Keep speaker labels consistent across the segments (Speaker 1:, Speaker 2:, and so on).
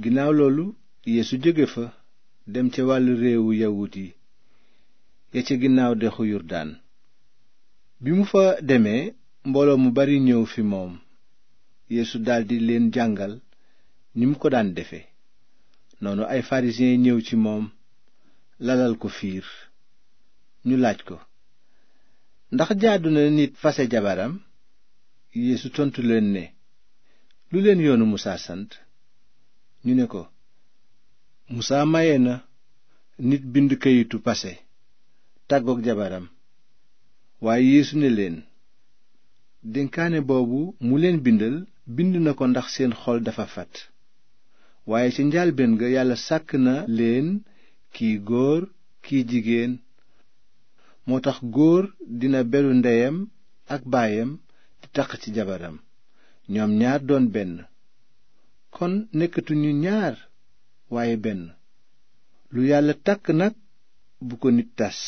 Speaker 1: ginnaaw loolu yéesu jóge fa dem ca wàllu réewu yawut yi ya ca ginnaaw dexu yurdaan bi mu fa demee mbooloo mu bari ñëw fi moom yéesu daldi leen jàngal ni mu ko daan defe noonu ay farisiyen ñëw ci moom lalal ko fiir ñu laaj ko ndax jaadu na nit fase jabaram yéesu tontu leen ne lu leen yoonu musaa sant ñu ne ko musaa maye na nit bind kayitu pase tàggook jabaram waaye yeesu ne leen dénkaane boobu mu leen bindal bind na ko ndax seen xol dafa fat waaye ci njaalbeen ga yàlla sàkk na leen kii góor kii jigéen moo tax góor dina beru ndeyam ak baayam di taq ci jabaram ñoom ñaar doon benn kon nekkatuñu ñaar waaye benn lu yàlla tàkk nag bu ko nit tas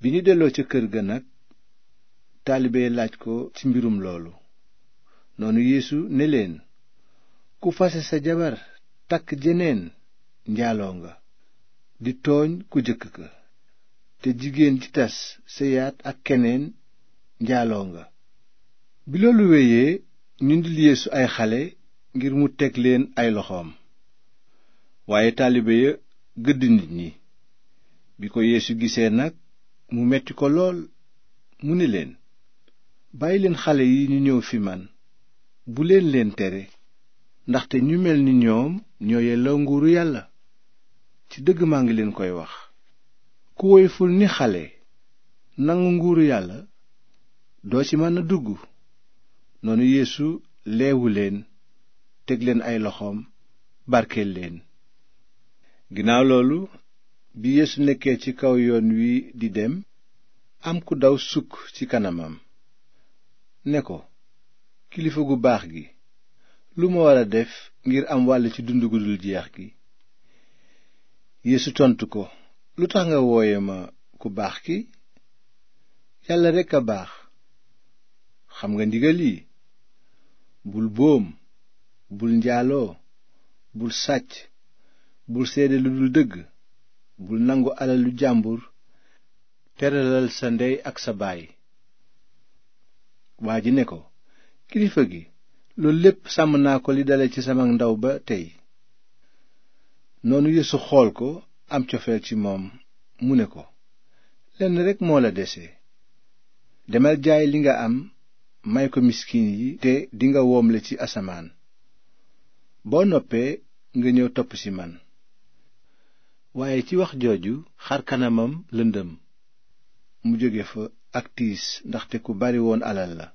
Speaker 1: bi ñu delloo ca kër ga nag taalibe laaj ko ci mbirum loolu noonu yéesu ne leen ku fase sa jabar takk jeneen njaaloo nga di tooñ ku jëkk ka te jigéen ji tas sëyaat ak keneen njaaloo nga bi loolu wéyee ñu ndil yéesu ay xale ngir mu teg leen ay loxoom waaye taalibe ya gëdd nit ñi bi ko yéesu gisee nag mu metti ko lool mu ni leen bàyyi leen xale yi ñu ñëw fi man bu leen leen tere ndaxte ñu mel ni ñoom ñoo yelloo nguuru yàlla ci dëgg maa ngi leen koy wax ku woyful ni xale nangu nguuru yàlla doo ci mën a dugg noonu yeesu leewu leen teg leen ay loxoom barkeel leen ginnaaw loolu bi yeesu nekkee ci kaw yoon wi di dem am ku daw sukk ci kanamam ne ko kilifa gu baax gi lu ma war a def ngir am wàll ci dund gu jeex gi yeesu tontu ko lu tax nga wooye ma ku baax ki yàlla rekk a baax xam nga ndigal yi bul boom bul njaaloo bul sàcc bul seede lu dul dëgg bul nangu alalu jàmbur teralal sa ndey ak sa baay waa ji ne ko kilifa gi loolu lépp sàmm naa ko li dale ci sama ndaw ba tey noonu Yeesu xool ko am cofeel ci moom mu ne ko lenn rekk moo la desee demal jaay li nga am may ko miskin yi te dinga woomle ci asamaan boo noppee nga ñëw topp ci man waaye ci wax jooju xar kanamam lëndëm mu jóge fa ak tiis ndaxte ku bari woon alal la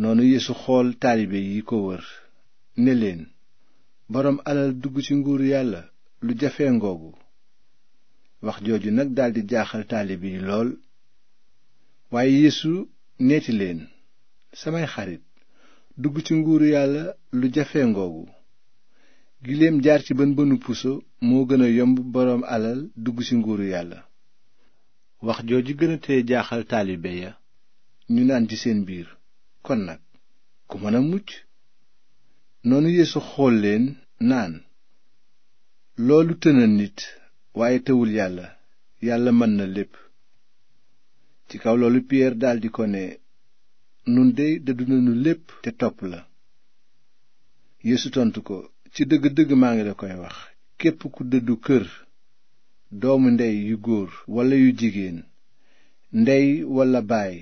Speaker 1: noonu yeesu xool taalibe yi ko wër ne leen boroom alal dugg ci nguur yàlla lu jafe ngoogu wax jooju nag daldi jaaxal taalibe yi lool waaye yeesu neeti leen samay xarit dugg ci nguuru yàlla lu jafe ngoogu giléem jaar ci bën bënu puso moo gën a yomb boroom alal dugg ci nguuru yàlla wax jooju gën a tee jaaxal taalibe ya ñu naan ci seen biir kon nag ku mën a mucc noonu yeesu xool leen naan loolu tëna nit waaye tëwul yàlla yàlla mën na lépp ci kaw loolu piyeer daldi ko ne nun dey dëddu lépp te topp la yéesu tontu ko ci dëgg dëgg maa ngi la koy wax képp ku dëddu kër doomu ndey yu góor walla yu jigéen ndey walla baay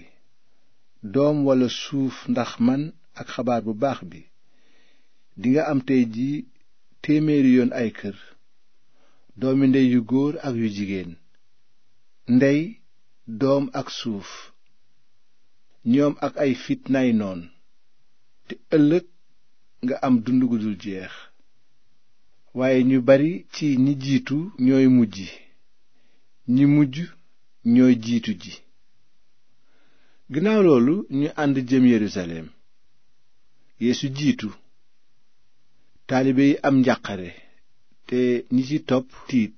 Speaker 1: doom walla suuf ndax man ak xabaar bu baax bi dinga am tey ji téeméeri yoon ay kër doomi ndey yu góor ak yu jigéen ndey doom ak suuf ñoom ak ay fitnay noon te ëllëg nga am dund gu jeex waaye ñu bari ci ñi jiitu ñooy mujj ñi mujj ñooy jiitu ji ginnaaw loolu ñu ànd jëm Yerusalem yéesu jiitu taalibe yi am njàqare te ñi ci topp tiit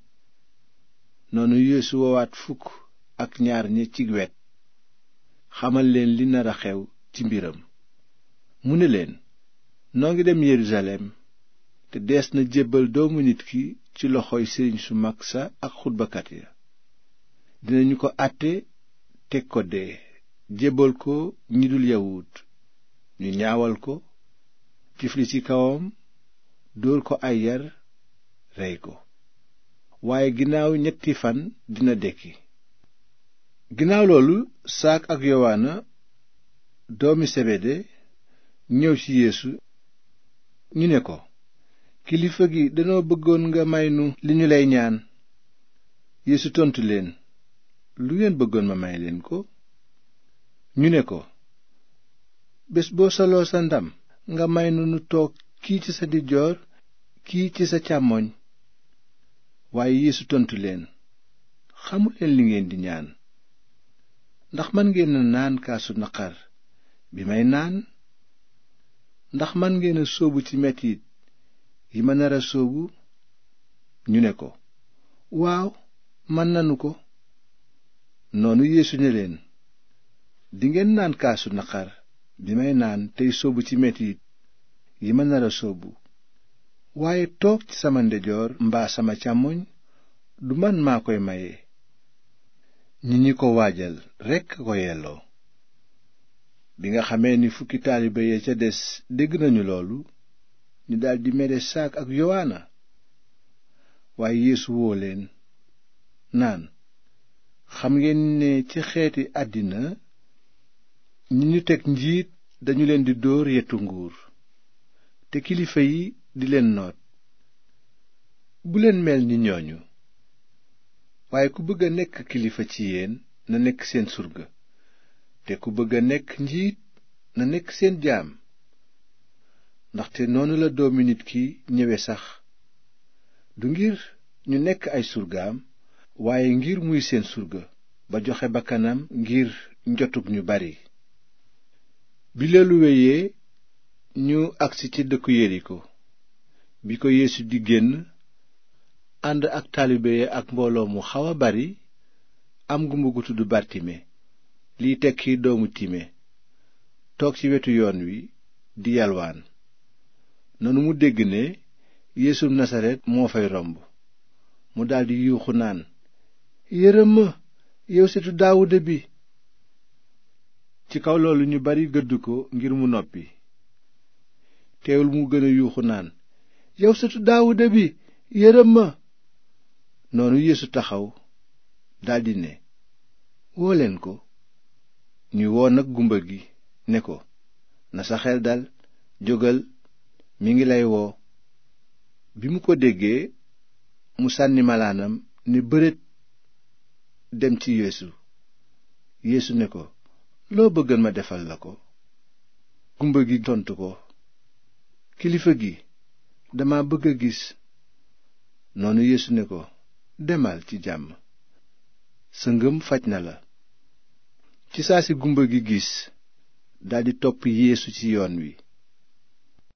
Speaker 1: noonu Yeesu woowaat fukk ak ñaar ña ci wet xamal leen li nar a xew ci mbiram mu ne leen noo ngi dem yerusalem te dees na jébbal doomu nit ki ci loxoy sëriñ su mag sa ak xutbakat ya dinañu ko àtte teg ko dee jébbal ko ñi dul yawut ñu ñaawal ko tifli ci kawam dóor ko ay yar rey ko waaye ginnaaw ñetti fan dina dekki ginnaaw loolu saak ak yowaana doomi sebede ñëw ci yéesu ñu ne ko kilifa gi danoo bëggoon nga may nu li ñu lay ñaan yeesu tontu leen lu ngeen bëggoon ma may leen ko ñu ne ko bés boo soloo sa ndam nga may nu nu toog kii ci sa ndijoor kii ci sa càmmooñ waaye yeesu tontu leen xamuleen li ngeen di ñaan ndax man ngeen a naan kaasu naqar bi may naan ndax man ngeen a sóobu ci metit yi ma nar a ñu ne ko waaw man nanu ko noonu yeesu ne dingeen naan kaasu naqar bi may naan tey sóobu ci metit yi ma nar a sóobu waaye toog ci sama ndejoor mbaa sama càmmoñ du man maa koy maye ñi ñi ko waajal rekk ko bi nga xamee ni fukki taalibe ya ca des dégg nañu loolu ñu daldi mere saak ak yowaana waaye yeesu woo leen naan xam ngeen ne ci xeeti àddina ñi ñu teg njiit dañu leen di dóor yetu nguur te kilifa yi di leen noot bu leen mel ni ñooñu waaye ku bëgg a nekk kilifa ci yéen na nekk seen surga te ku bëgg a nekk njiit na nekk seen jaam ndaxte noonu la doomi nit ki ñëwe sax du ngir ñu nekk ay surgaam waaye ngir muy seen surga ba joxe ba kanam ngir njotug ñu bari bi loolu wéyee ñu agsi ci dëkku yeriko bi ko yéesu di génn ànd ak taalibe ya ak mbooloo mu xaw a bari am gumba gu tudd bartime liy tekki doomu time toog ci wetu yoon wi di yalwaan noonu mu dégg ne yeesu nasaret moo fay romb mu daldi yuuxu naan yërëm ma yow setu bi ci kaw loolu ñu bari gëdd ko ngir mu noppi teewul mu gën a yuuxu naan yow setu bi yërëm ma noonu yéesu taxaw daldi ne woo leen ko ñu woo nag gumba gi ne ko na sa xel dal jógal mi ngi lay woo bi mu ko déggee mu sànni malaanam ne bërét dem ci yeesu yéesu ne ko loo bëggal ma defal la ko gumba gi tontu ko kilifa gi dama bëgg a gis noonu yéesu ne ko demal ci jàmm sa ngëm faj na la ci saa si gumba gi gis daldi topp yéesu ci yoon wi